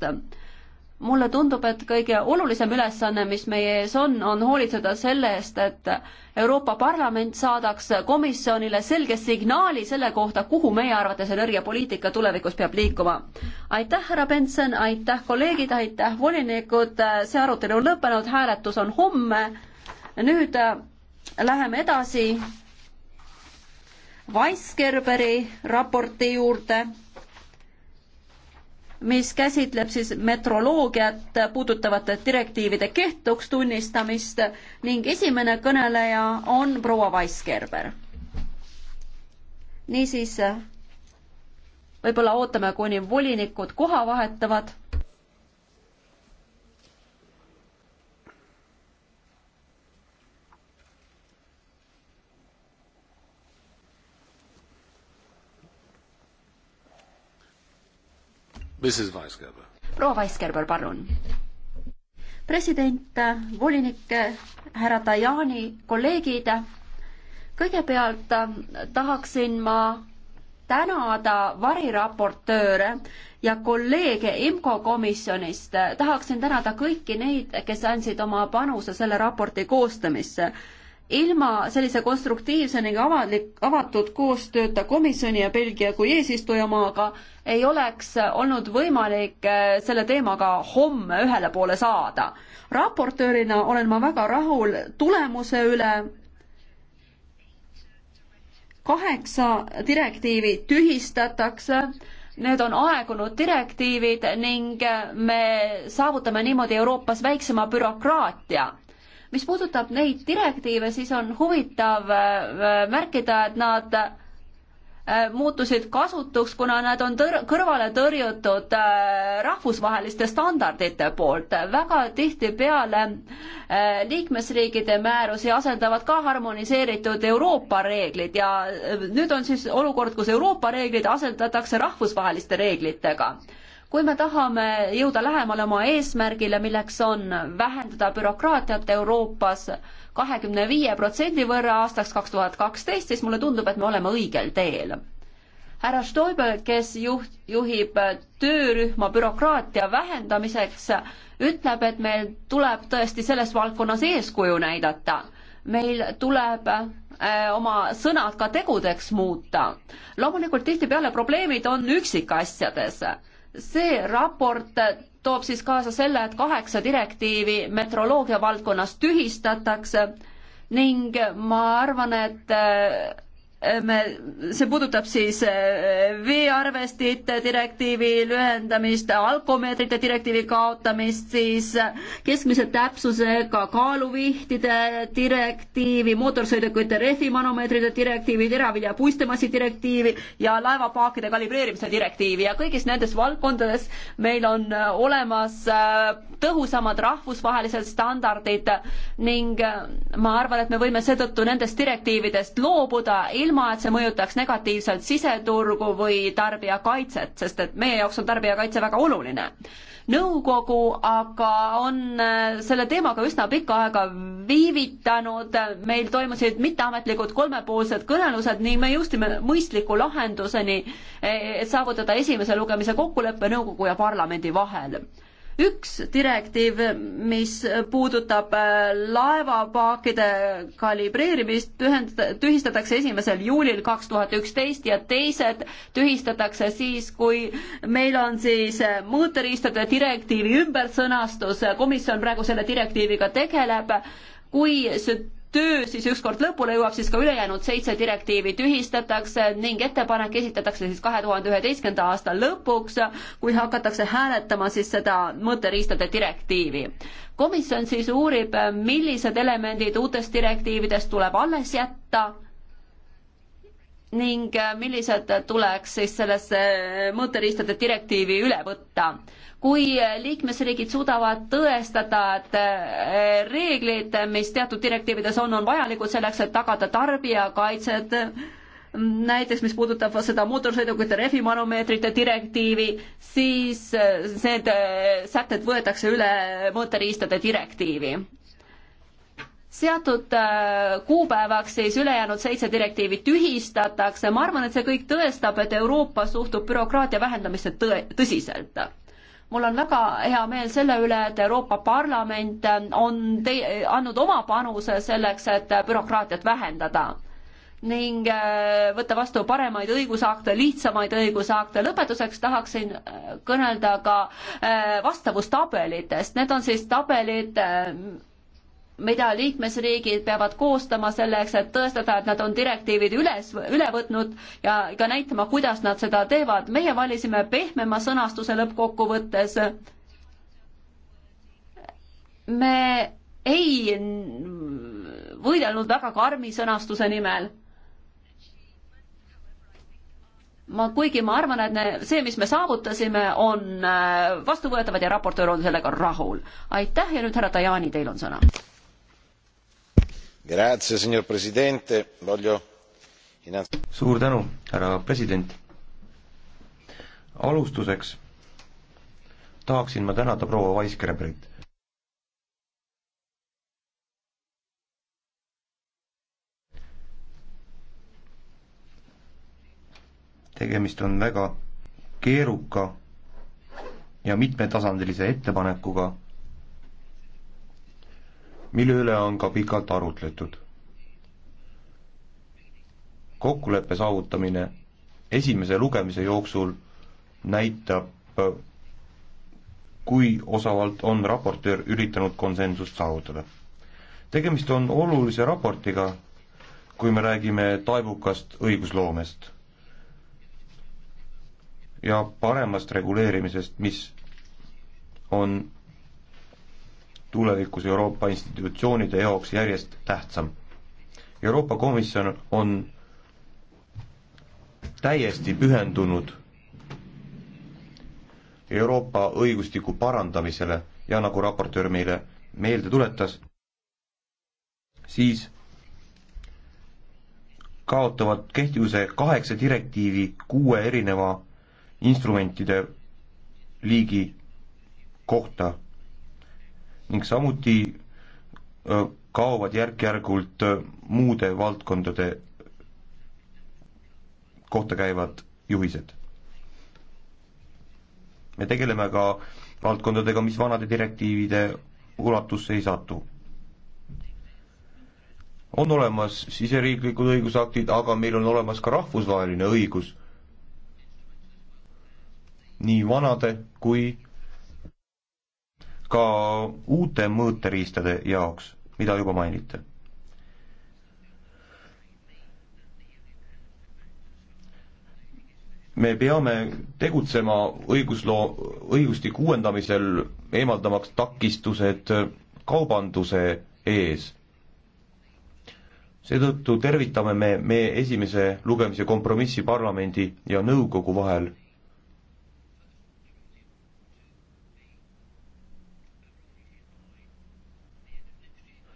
tegevust. mulle tundub, et kõige olulisem ülesanne, mis meie ees on, on hoolitseda selle eest, et Euroopa Parlament saadaks komisjonile selge signaali selle kohta, kuhu meie arvates energiapoliitika tulevikus peab liikuma. aitäh, härra Benson, aitäh, kolleegid, aitäh, volinikud, see arutelu on lõppenud, hääletus on homme. nüüd äh, läheme edasi Weisgerberi raporti juurde mis käsitleb siis metroloogiat puudutavate direktiivide kehtuks tunnistamist ning esimene kõneleja on proua Weisgerber. niisiis, võib-olla ootame, kuni volinikud koha vahetavad proua Weisgerber, palun. president, volinik, härra Tajani, kolleegid, kõigepealt äh, tahaksin ma tänada variraportööre ja kolleege IMCO komisjonist. tahaksin tänada kõiki neid, kes andsid oma panuse selle raporti koostamisse ilma sellise konstruktiivse ning avalik, avatud koostööta komisjoni ja Belgia kui eesistujamaaga ei oleks olnud võimalik äh, selle teemaga homme ühele poole saada. raportöörina olen ma väga rahul tulemuse üle. kaheksa direktiivi tühistatakse, need on aegunud direktiivid ning me saavutame niimoodi Euroopas väiksema bürokraatia mis puudutab neid direktiive, siis on huvitav äh, äh, märkida, et nad äh, muutusid kasutuks, kuna nad on tõr-, kõrvale tõrjutud rahvusvaheliste standardite poolt. väga tihtipeale liikmesriigide määrusi asendavad ka harmoniseeritud Euroopa reeglid ja nüüd on siis olukord, kus Euroopa reeglid asendatakse rahvusvaheliste reeglitega kui me tahame jõuda lähemale oma eesmärgile, milleks on vähendada bürokraatiat Euroopas kahekümne viie protsendi võrra aastaks kaks tuhat kaksteist, siis mulle tundub, et me oleme õigel teel. härra Stoibel, kes juht, juhib töörühma bürokraatia vähendamiseks, ütleb, et meil tuleb tõesti selles valdkonnas eeskuju näidata. meil tuleb äh, oma sõnad ka tegudeks muuta. loomulikult tihtipeale probleemid on üksikasjades see raport toob siis kaasa selle, et kaheksa direktiivi metroloogia valdkonnas tühistatakse ning ma arvan, et me, see puudutab siis eh, veearvestite direktiivi lühendamist, alkomeetrite direktiivi kaotamist, siis eh, keskmise täpsusega kaaluvihtide direktiivi, mootorsõidukite rehvimanomeetrite direktiivi, teravilja puistemassi direktiivi ja laevapaakide kalibreerimise direktiivi ja kõigis nendes valdkondades meil on eh, olemas tõhusamad rahvusvahelised standardid ning ma arvan, et me võime seetõttu nendest direktiividest loobuda ilma ilma, et see mõjutaks negatiivselt siseturgu või tarbijakaitset, sest et meie jaoks on tarbijakaitse väga oluline. nõukogu aga on äh, selle teemaga üsna pikka aega viivitanud, meil toimusid mitteametlikud kolmepoolsed kõnelused ning me jõustsime mõistliku lahenduseni, et saavutada esimese lugemise kokkulepe nõukogu ja parlamendi vahel üks direktiiv, mis puudutab äh, laevapaakide kalibreerimist, tühistatakse esimesel juulil kaks tuhat üksteist ja teised tühistatakse siis, kui meil on siis äh, mõõteriistade direktiivi ümbersõnastus, komisjon praegu selle direktiiviga tegeleb, kui töö siis ükskord lõpule jõuab, siis ka ülejäänud seitse direktiivi tühistatakse ning ettepanek esitatakse siis kahe tuhande üheteistkümnenda aasta lõpuks, kui hakatakse hääletama siis seda mõõteriistade direktiivi. komisjon siis uurib, millised elemendid uutest direktiividest tuleb alles jätta ning äh, millised tuleks siis sellesse mootorriistade direktiivi üle võtta. kui äh, liikmesriigid suudavad tõestada, et äh, reeglid, mis teatud direktiivides on, on vajalikud selleks, et tagada tarbijakaitset, näiteks mis puudutab seda mootorsõidukite rehvimanomeetrite direktiivi, siis need sätted võetakse üle mootorriistade direktiivi seatud äh, kuupäevaks siis ülejäänud seitse direktiivi tühistatakse, ma arvan, et see kõik tõestab, et Euroopa suhtub bürokraatia vähendamisse tõe, tõsiselt. mul on väga hea meel selle üle, et Euroopa Parlament on tei-, andnud oma panuse selleks, et bürokraatiat vähendada ning äh, võtta vastu paremaid õigusakte, lihtsamaid õigusakte. lõpetuseks tahaksin äh, kõnelda ka vastavustabelitest. Need on siis tabelid, mida liikmesriigid peavad koostama selleks, et tõestada, et nad on direktiivid üles, üle võtnud ja ka näitama, kuidas nad seda teevad. meie valisime pehmema sõnastuse lõppkokkuvõttes. me ei võidelnud väga karmi sõnastuse nimel. ma, kuigi ma arvan, et ne, see, mis me saavutasime, on äh, vastuvõetavad ja raportöör on sellega rahul. aitäh ja nüüd härra Tajani, teil on sõna signor presidente voglio suur tänu härra president alustuseks tahaksin ma tänada proua Weisgerberit tegemist on väga keeruka ja mitmetasandilise ettepanekuga mille üle on ka pikalt arutletud. kokkuleppe saavutamine esimese lugemise jooksul näitab, kui osavalt on raportöör üritanud konsensust saavutada. tegemist on olulise raportiga, kui me räägime taibukast õigusloomest ja paremast reguleerimisest, mis on tulevikus Euroopa institutsioonide jaoks järjest tähtsam. Euroopa Komisjon on täiesti pühendunud Euroopa õigustiku parandamisele ja nagu raportöör meile meelde tuletas, siis kaotavad kehtivuse kaheksa direktiivi kuue erineva instrumentide liigi kohta ning samuti kaovad järk-järgult muude valdkondade kohta käivad juhised. me tegeleme ka valdkondadega, mis vanade direktiivide ulatusse ei satu. on olemas siseriiklikud õigusaktid, aga meil on olemas ka rahvusvaheline õigus nii vanade kui ka uute mõõteriistade jaoks, mida juba mainiti. me peame tegutsema õigusloo, õigustiku uuendamisel, eemaldamaks takistused kaubanduse ees. seetõttu tervitame me meie esimese lugemise kompromissi parlamendi ja nõukogu vahel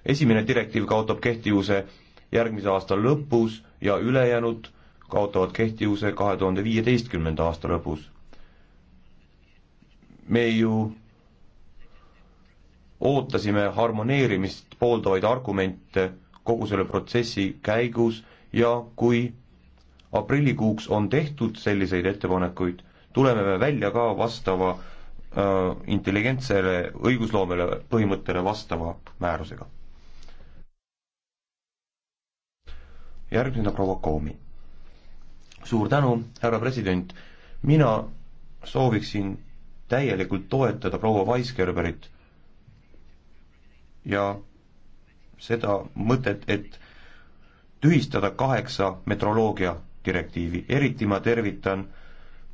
esimene direktiiv kaotab kehtivuse järgmise aasta lõpus ja ülejäänud kaotavad kehtivuse kahe tuhande viieteistkümnenda aasta lõpus. me ju ootasime harmoneerimist pooldavaid argumente kogu selle protsessi käigus ja kui aprillikuuks on tehtud selliseid ettepanekuid, tuleme me välja ka vastava äh, intelligentsele õigusloomele põhimõttele vastava määrusega järgmisena proua Koomi. suur tänu, härra president, mina sooviksin täielikult toetada proua Weisgerberit ja seda mõtet, et tühistada kaheksa metroloogia direktiivi, eriti ma tervitan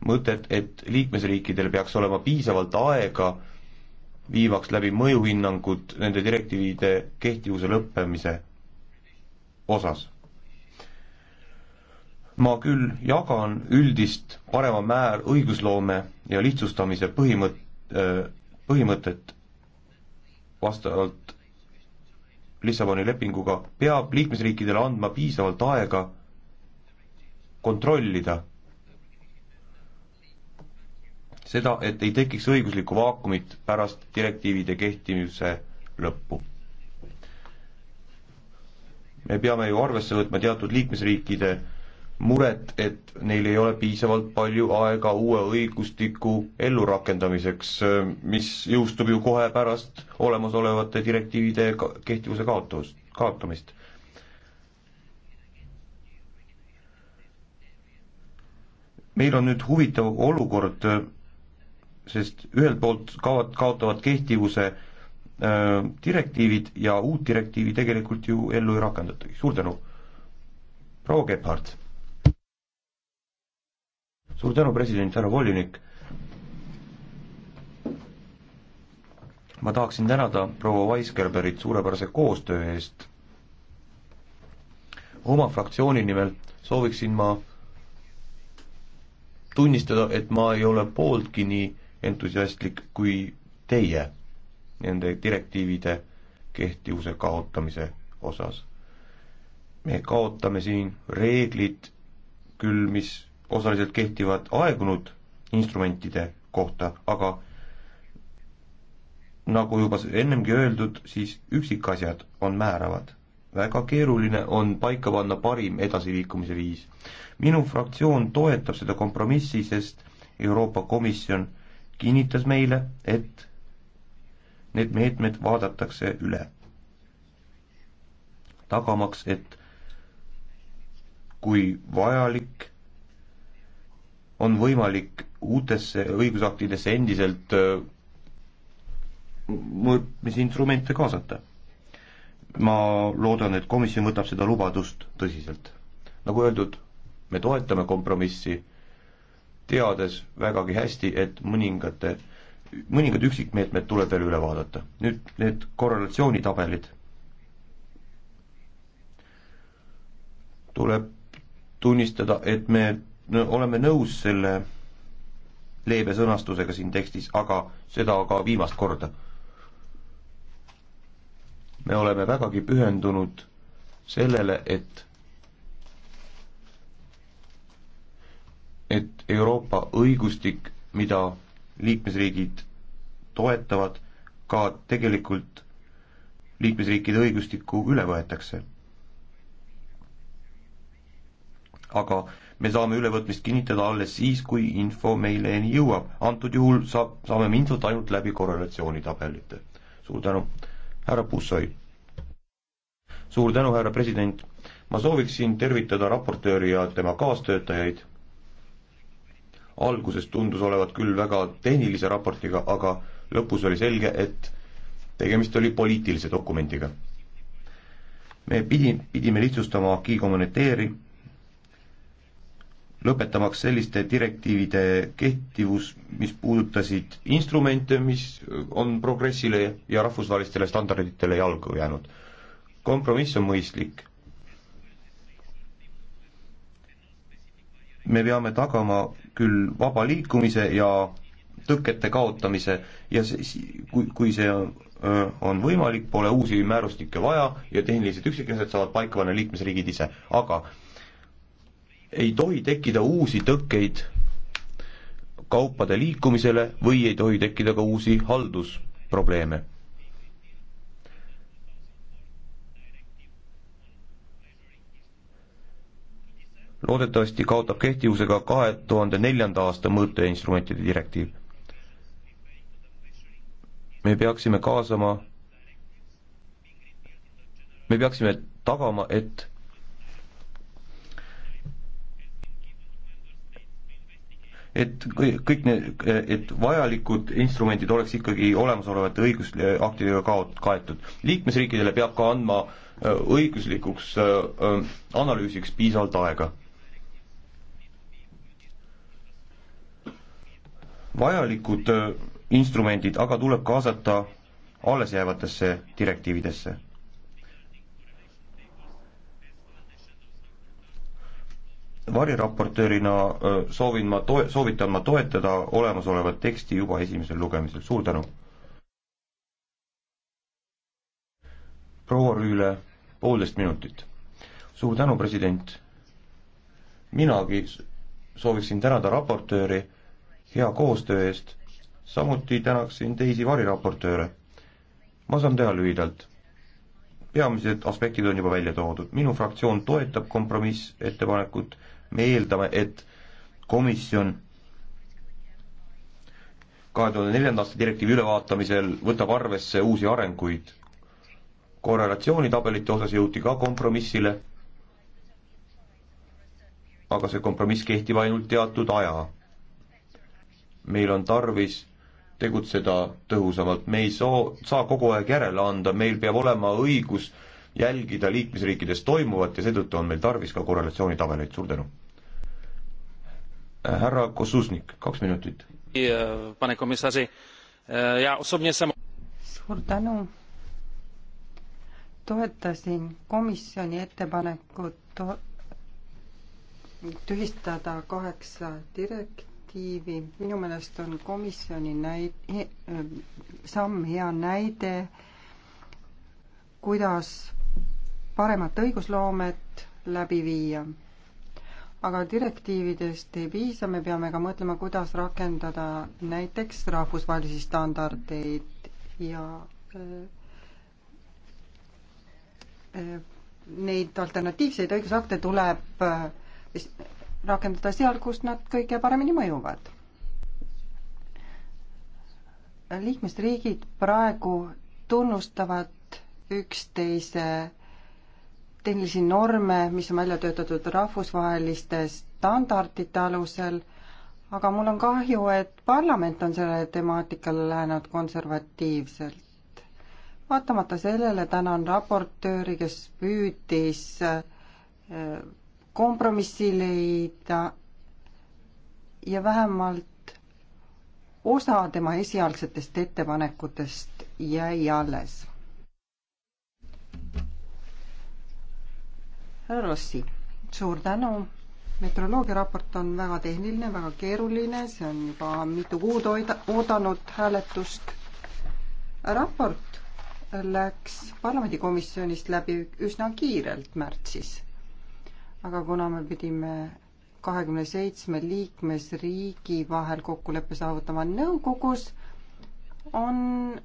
mõtet, et liikmesriikidel peaks olema piisavalt aega viivaks läbi mõjuhinnangud nende direktiivide kehtivuse lõppemise osas ma küll jagan üldist parema määr õigusloome ja lihtsustamise põhimõt-, põhimõtet vastavalt Lissaboni lepinguga, peab liikmesriikidele andma piisavalt aega kontrollida seda, et ei tekiks õiguslikku vaakumit pärast direktiivide kehtivuse lõppu. me peame ju arvesse võtma teatud liikmesriikide äh, muret, et neil ei ole piisavalt palju aega uue õigustiku ellurakendamiseks, mis jõustub ju kohe pärast olemasolevate direktiivide kehtivuse kaotus, kaotamist. meil on nüüd huvitav olukord, sest ühelt poolt kaovad, kaotavad kehtivuse öö, äh, direktiivid ja uut direktiivi tegelikult ju ellu ei rakendatagi, suur tänu! proua Gebhardt suur tänu, president, härra volinik. ma tahaksin tänada proua Weisgerberit suurepärase koostöö eest. oma fraktsiooni nimel sooviksin ma tunnistada, et ma ei ole pooltki nii entusiastlik kui teie nende direktiivide kehtivuse kaotamise osas. me kaotame siin reeglid küll, mis osaliselt kehtivad aegunud instrumentide kohta, aga nagu juba ennemgi öeldud, siis üksikasjad on määravad. väga keeruline on paika panna parim edasiliikumise viis. minu fraktsioon toetab seda kompromissi, sest Euroopa Komisjon kinnitas meile, et need meetmed vaadatakse üle. tagamaks, et kui vajalik, on võimalik uutesse õigusaktidesse endiselt äh, mõõtmisinstrumente kaasata. ma loodan, et komisjon võtab seda lubadust tõsiselt. nagu öeldud, me toetame kompromissi, teades vägagi hästi, et mõningate, mõningad üksikmeetmed tuleb veel üle vaadata. nüüd need korrelatsioonitabelid tuleb tunnistada, et me oleme nõus selle leebe sõnastusega siin tekstis, aga seda ka viimast korda. me oleme vägagi pühendunud sellele, et et Euroopa õigustik, mida liikmesriigid toetavad, ka tegelikult liikmesriikide õigustikku üle võetakse. aga me saame ülevõtmist kinnitada alles siis, kui info meileni jõuab. antud juhul saab, saame me infot ainult läbi korrelatsioonitabelite. suur tänu, härra Pussoi. suur tänu, härra president. ma sooviksin tervitada raportööri ja tema kaastöötajaid. alguses tundus olevat küll väga tehnilise raportiga, aga lõpus oli selge, et tegemist oli poliitilise dokumendiga. me pidi, pidime lihtsustama Acquis Communitaire'i lõpetamaks selliste direktiivide kehtivus, mis puudutasid instrumente, mis on progressile ja rahvusvahelistele standarditele jalgu jäänud. kompromiss on mõistlik. me peame tagama küll vaba liikumise ja tõkete kaotamise ja siis, kui, kui see on võimalik, pole uusi määrustikke vaja ja tehnilised üksikasjad saavad paika panna liikmesriigid ise, aga ei tohi tekkida uusi tõkkeid kaupade liikumisele või ei tohi tekkida ka uusi haldusprobleeme. loodetavasti kaotab kehtivuse ka kahe tuhande neljanda aasta mõõteinstrumentide direktiiv. me peaksime kaasama, me peaksime tagama, et et kõik need, et vajalikud instrumendid oleks ikkagi olemasolevate õigusaktidega kaot-, kaetud. liikmesriikidele peab ka andma õiguslikuks analüüsiks piisavalt aega. vajalikud instrumendid aga tuleb kaasata allesjäävatesse direktiividesse variraportöörina soovin ma toe-, soovitan ma toetada olemasolevat teksti juba esimesel lugemisel, suur tänu! proua Rüüle, poolteist minutit. suur tänu, president! minagi sooviksin tänada raportööri hea koostöö eest, samuti tänaksin teisi variraportööre. ma saan teha lühidalt peamised aspektid on juba välja toodud. minu fraktsioon toetab kompromissettepanekut, me eeldame, et komisjon kahe tuhande neljanda aasta direktiivi ülevaatamisel võtab arvesse uusi arenguid. korrelatsioonitabelite osas jõuti ka kompromissile, aga see kompromiss kehtib ainult teatud aja. meil on tarvis tegutseda tõhusamalt, me ei soo-, saa kogu aeg järele anda, meil peab olema õigus äh, jälgida liikmesriikides toimuvat ja seetõttu on meil tarvis ka korrelatsioonitabeleid, suur tänu. Äh, härra Kosusnik, kaks minutit. Äh, suur tänu. toetasin komisjoni ettepanekut to tühistada kaheksa direktiivi, minu meelest on komisjoni näid-, samm hea näide, kuidas paremat õigusloomet läbi viia. aga direktiividest ei piisa, me peame ka mõtlema, kuidas rakendada näiteks rahvusvahelisi standardeid ja äh, äh, neid alternatiivseid õigusakte tuleb äh, rakendada seal, kus nad kõige paremini mõjuvad. liikmesriigid praegu tunnustavad üksteise tehnilisi norme, mis on välja töötatud rahvusvaheliste standardite alusel, aga mul on kahju, et parlament on sellele temaatikale lähenenud konservatiivselt. vaatamata sellele tänan raportööri, kes püüdis äh, kompromissi leida ja vähemalt osa tema esialgsetest ettepanekutest jäi alles härra Rossi, suur tänu. metroloogia raport on väga tehniline, väga keeruline, see on juba mitu kuud oodanud hääletust. raport läks parlamendikomisjonist läbi üsna kiirelt märtsis. aga kuna me pidime kahekümne seitsme liikmesriigi vahel kokkuleppe saavutama nõukogus, on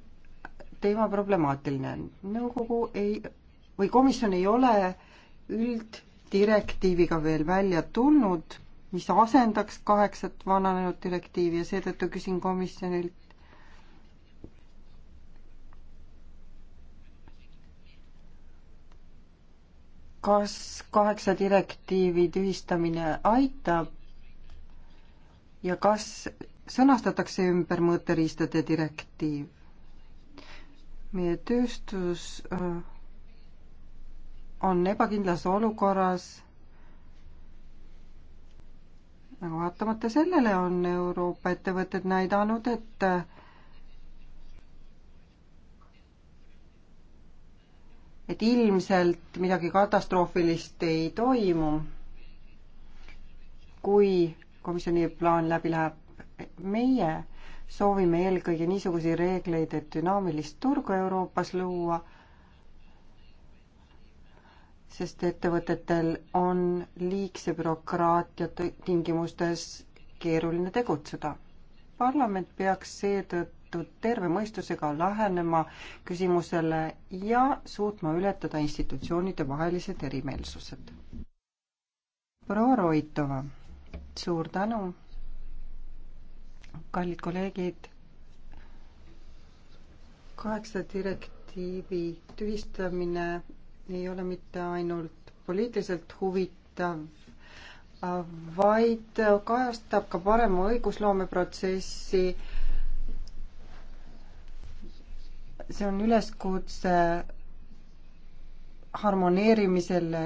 teema problemaatiline. nõukogu ei, või komisjon ei ole ülddirektiiviga veel välja tulnud, mis asendaks kaheksat vananenud direktiivi ja seetõttu küsin komisjonilt, kas kaheksa direktiivi tühistamine aitab ja kas sõnastatakse ümber mõõteriistade direktiiv? meie tööstus äh, on ebakindlas olukorras, aga vaatamata sellele on Euroopa ettevõtted näidanud, et et ilmselt midagi katastroofilist ei toimu. kui komisjoni plaan läbi läheb, meie soovime eelkõige niisuguseid reegleid, et dünaamilist turgu Euroopas luua sest ettevõtetel on liigse bürokraatia tingimustes keeruline tegutseda. parlament peaks seetõttu terve mõistusega lähenema küsimusele ja suutma ületada institutsioonide vahelised erimeelsused. proua Roitova, suur tänu. kallid kolleegid, kaheksa direktiivi tühistamine ei ole mitte ainult poliitiliselt huvitav, vaid kajastab ka parema õigusloomeprotsessi. see on üleskutse harmoneerimisele,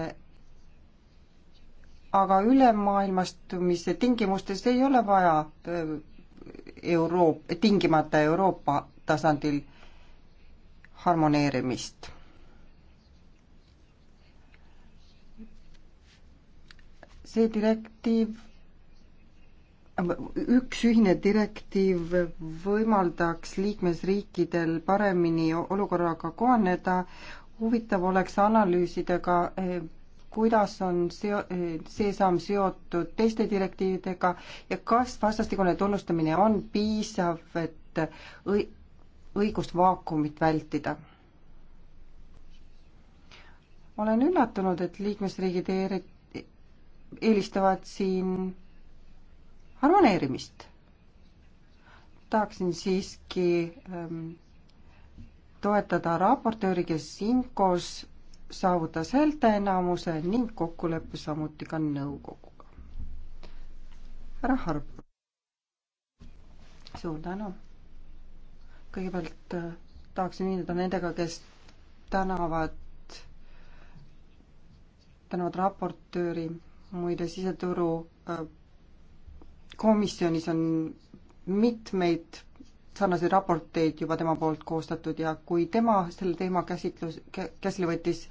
aga ülemaailmastumise tingimustes ei ole vaja äh, Euroop-, tingimata Euroopa tasandil harmoneerimist see direktiiv, üks ühine direktiiv võimaldaks liikmesriikidel paremini olukorraga kohaneda, huvitav oleks analüüsida ka, eh, kuidas on seo-, eh, see samm seotud teiste direktiividega ja kas vastastikune tunnustamine on piisav, et õi-, õigust vaakumit vältida olen üllatunud, et liikmesriigid eelistavad siin harmoneerimist. tahaksin siiski ähm, toetada raportööri, kes Inkos saavutas häälteenamuse ning kokkuleppe samuti ka nõukoguga. härra Harp. suur tänu. kõigepealt äh, tahaksin ühineda nendega, kes tänavad, tänavad raportööri muide, siseturu äh, komisjonis on mitmeid sarnaseid raporteid juba tema poolt koostatud ja kui tema selle teema käsitlus, käsile võttis,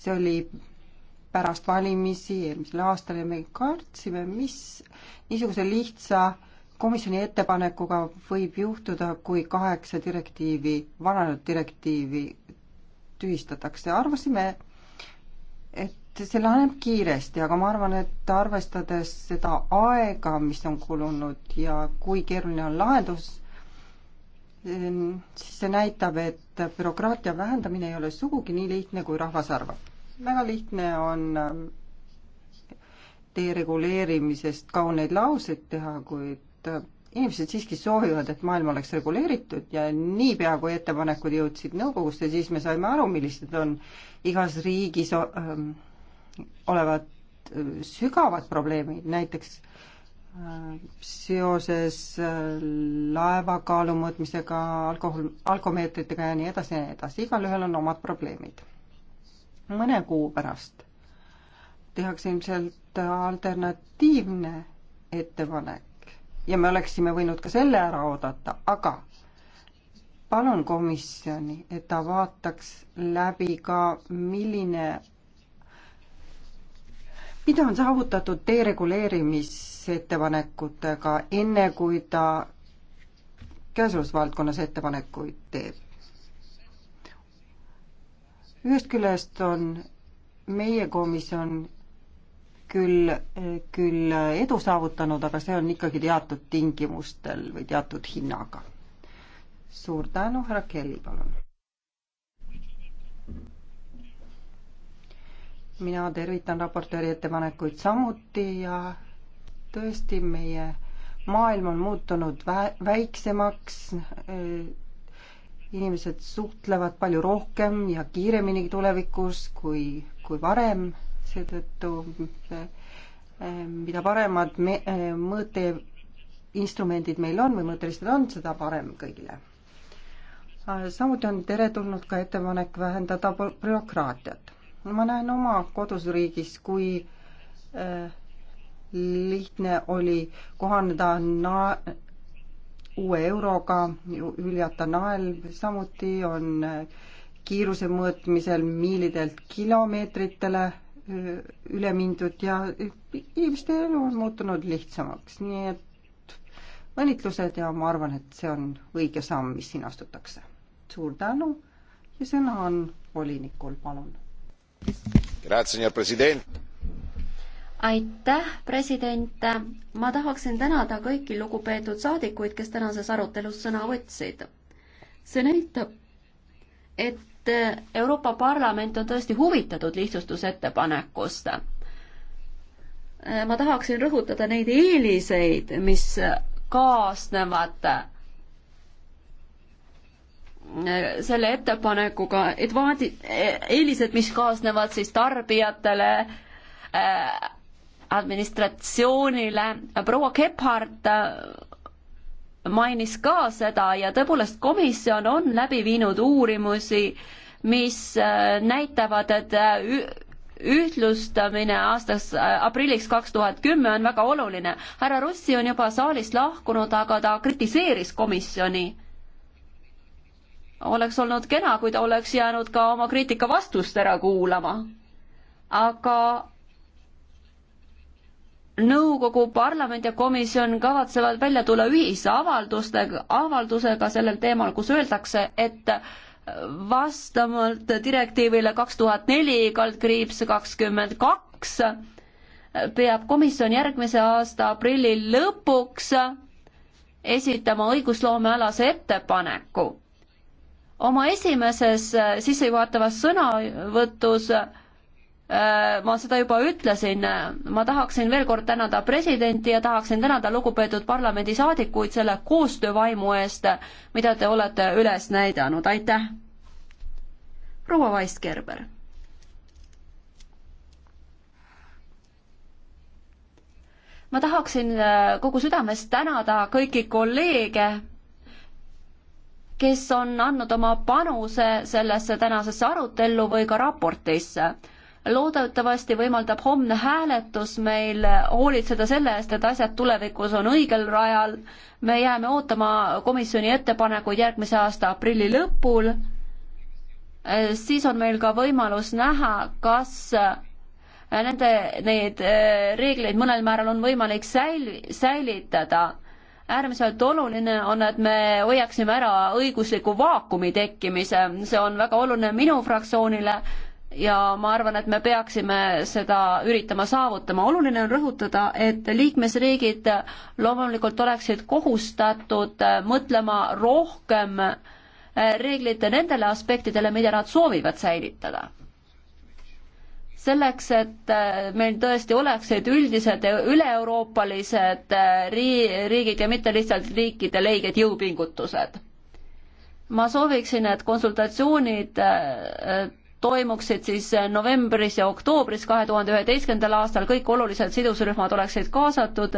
see oli pärast valimisi eelmisel aastal ja me kartsime, mis niisuguse lihtsa komisjoni ettepanekuga võib juhtuda, kui kaheksa direktiivi, vananenud direktiivi tühistatakse. arvasime, et see läheneb kiiresti, aga ma arvan, et arvestades seda aega, mis on kulunud ja kui keeruline on lahendus, ehm, siis see näitab, et bürokraatia vähendamine ei ole sugugi nii lihtne, kui rahvas arvab. väga lihtne on ehm, dereguleerimisest kauneid lauseid teha, kuid ehm, inimesed siiski soovivad, et maailm oleks reguleeritud ja niipea, kui ettepanekud jõudsid nõukogusse, siis me saime aru, millised on igas riigis ähm, olevat äh, sügavad probleemid, näiteks äh, seoses äh, laeva kaalu mõõtmisega, alkohol, alkomeetritega ja nii edasi ja nii edasi, igalühel on omad probleemid. mõne kuu pärast tehakse ilmselt alternatiivne ettepanek ja me oleksime võinud ka selle ära oodata, aga palun komisjoni, et ta vaataks läbi ka, milline mida on saavutatud dereguleerimisettepanekutega, enne kui ta käesolevas valdkonnas ettepanekuid teeb? ühest küljest on meie komisjon küll, küll edu saavutanud, aga see on ikkagi teatud tingimustel või teatud hinnaga. suur tänu, härra Kelly, palun mina tervitan raportööri ettepanekuid samuti ja tõesti, meie maailm on muutunud vä-, väiksemaks, inimesed suhtlevad palju rohkem ja kiiremini tulevikus kui, kui varem, seetõttu mida paremad me-, mõõteinstrumendid meil on või mõõteristid on, seda parem kõigile. samuti on teretulnud ka ettepanek vähendada bürokraatiat ma näen oma kodus riigis, kui äh, lihtne oli kohaneda na-, uue euroga, hüljata naelv, samuti on äh, kiiruse mõõtmisel miilidelt kilomeetritele äh, üle mindud ja inimeste elu on muutunud lihtsamaks, nii et õnnitlused ja ma arvan, et see on õige samm, mis siin astutakse. suur tänu ja sõna on volinikul, palun aitäh, president. ma tahaksin tänada kõiki lugupeetud saadikuid, kes tänases arutelus sõna võtsid. see näitab, et Euroopa Parlament on tõesti huvitatud lihtsustusettepanekust. ma tahaksin rõhutada neid eeliseid, mis kaasnevad selle ettepanekuga, et vaadi-, eelised, mis kaasnevad siis tarbijatele äh,, administratsioonile, proua Gebhardt äh, mainis ka seda ja tõepoolest komisjon on läbi viinud uurimusi, mis äh, näitavad, et äh, ühtlustamine aastaks aprilliks kaks tuhat kümme on väga oluline. härra Rossi on juba saalist lahkunud, aga ta kritiseeris komisjoni oleks olnud kena, kui ta oleks jäänud ka oma kriitika vastust ära kuulama. aga nõukogu, parlament ja komisjon kavatsevad välja tulla ühise avaldustega, avaldusega sellel teemal, kus öeldakse, et vastavalt direktiivile kaks tuhat neli kaldkriips kakskümmend kaks peab komisjon järgmise aasta aprilli lõpuks esitama õigusloomealase ettepaneku oma esimeses äh, sissejuhatavas sõnavõtus äh, ma seda juba ütlesin, äh, ma tahaksin veel kord tänada presidenti ja tahaksin tänada lugupeetud parlamendisaadikuid selle koostöövaimu eest, mida te olete üles näidanud, aitäh. proua Weisgerber. ma tahaksin kogu südamest tänada kõiki kolleege kes on andnud oma panuse sellesse tänasesse arutellu või ka raportisse. loodetavasti võimaldab homne hääletus meil hoolitseda selle eest, et asjad tulevikus on õigel rajal. me jääme ootama komisjoni ettepanekuid järgmise aasta aprilli lõpul. siis on meil ka võimalus näha, kas nende, neid eh, reegleid mõnel määral on võimalik säil-, säilitada äärmiselt oluline on, et me hoiaksime ära õigusliku vaakumi tekkimise, see on väga oluline minu fraktsioonile ja ma arvan, et me peaksime seda üritama saavutama. oluline on rõhutada, et liikmesriigid loomulikult oleksid kohustatud mõtlema rohkem reeglite nendele aspektidele, mida nad soovivad säilitada selleks, et äh, meil tõesti oleksid üldised üle-euroopalised äh, rii-, riigid ja mitte lihtsalt riikide leiged jõupingutused. ma sooviksin, et konsultatsioonid äh, toimuksid siis novembris ja oktoobris kahe tuhande üheteistkümnendal aastal, kõik olulised sidusrühmad oleksid kaasatud.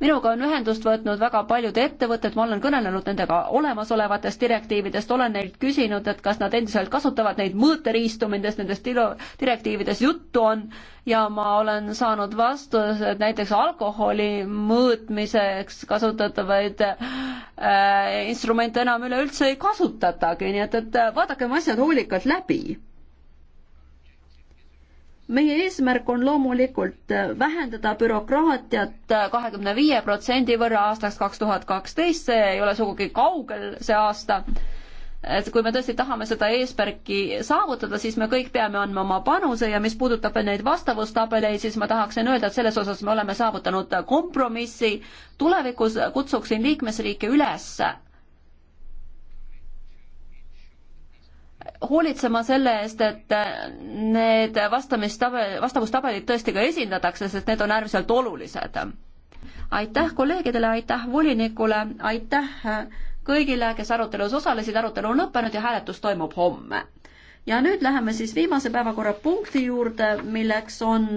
minuga on ühendust võtnud väga paljud ettevõtted, ma olen kõnelenud nendega olemasolevatest direktiividest, olen neilt küsinud, et kas nad endiselt kasutavad neid mõõteriistu, millest nendes direktiivides juttu on ja ma olen saanud vastuse, et näiteks alkoholi mõõtmiseks kasutatavaid äh, instrumente enam üleüldse ei kasutatagi, nii et, et äh, vaadakem asjad hoolikalt läbi meie eesmärk on loomulikult äh, vähendada bürokraatiat äh, kahekümne viie protsendi võrra aastaks kaks tuhat kaksteist, see ei ole sugugi kaugel see aasta. et kui me tõesti tahame seda eesmärki saavutada, siis me kõik peame andma oma panuse ja mis puudutab neid vastavustabeleid, siis ma tahaksin öelda, et selles osas me oleme saavutanud kompromissi. tulevikus kutsuksin liikmesriike üles hoolitsema selle eest, et need vastamistabel, vastavustabelid tõesti ka esindatakse, sest need on äärmiselt olulised. aitäh kolleegidele, aitäh volinikule, aitäh kõigile, kes arutelus osalesid, arutelu on lõppenud ja hääletus toimub homme. ja nüüd läheme siis viimase päevakorrapunkti juurde, milleks on